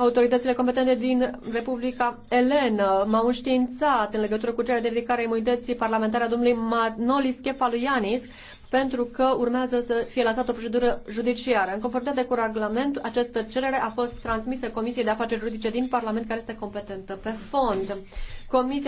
autoritățile competente din Republica Elenă m-au înștiințat în legătură cu cererea de ridicare a imunității parlamentare a domnului Manolis Kefaluianis pentru că urmează să fie lansată o procedură judiciară. În conformitate cu regulamentul, această cerere a fost transmisă Comisiei de Afaceri Juridice din Parlament, care este competentă pe fond. Comisia